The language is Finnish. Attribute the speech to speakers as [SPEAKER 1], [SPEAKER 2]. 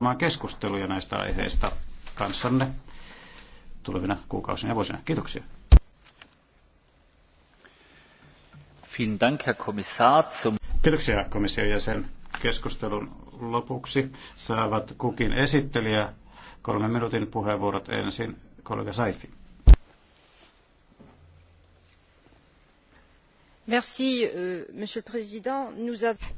[SPEAKER 1] käymään keskusteluja näistä aiheista kanssanne tulevina kuukausina ja vuosina. Kiitoksia. Kiitoksia komission jäsen. Keskustelun lopuksi saavat kukin esittelijä kolmen minuutin puheenvuorot ensin kollega Saifi.
[SPEAKER 2] Merci, euh, Monsieur le Président. Nous avons...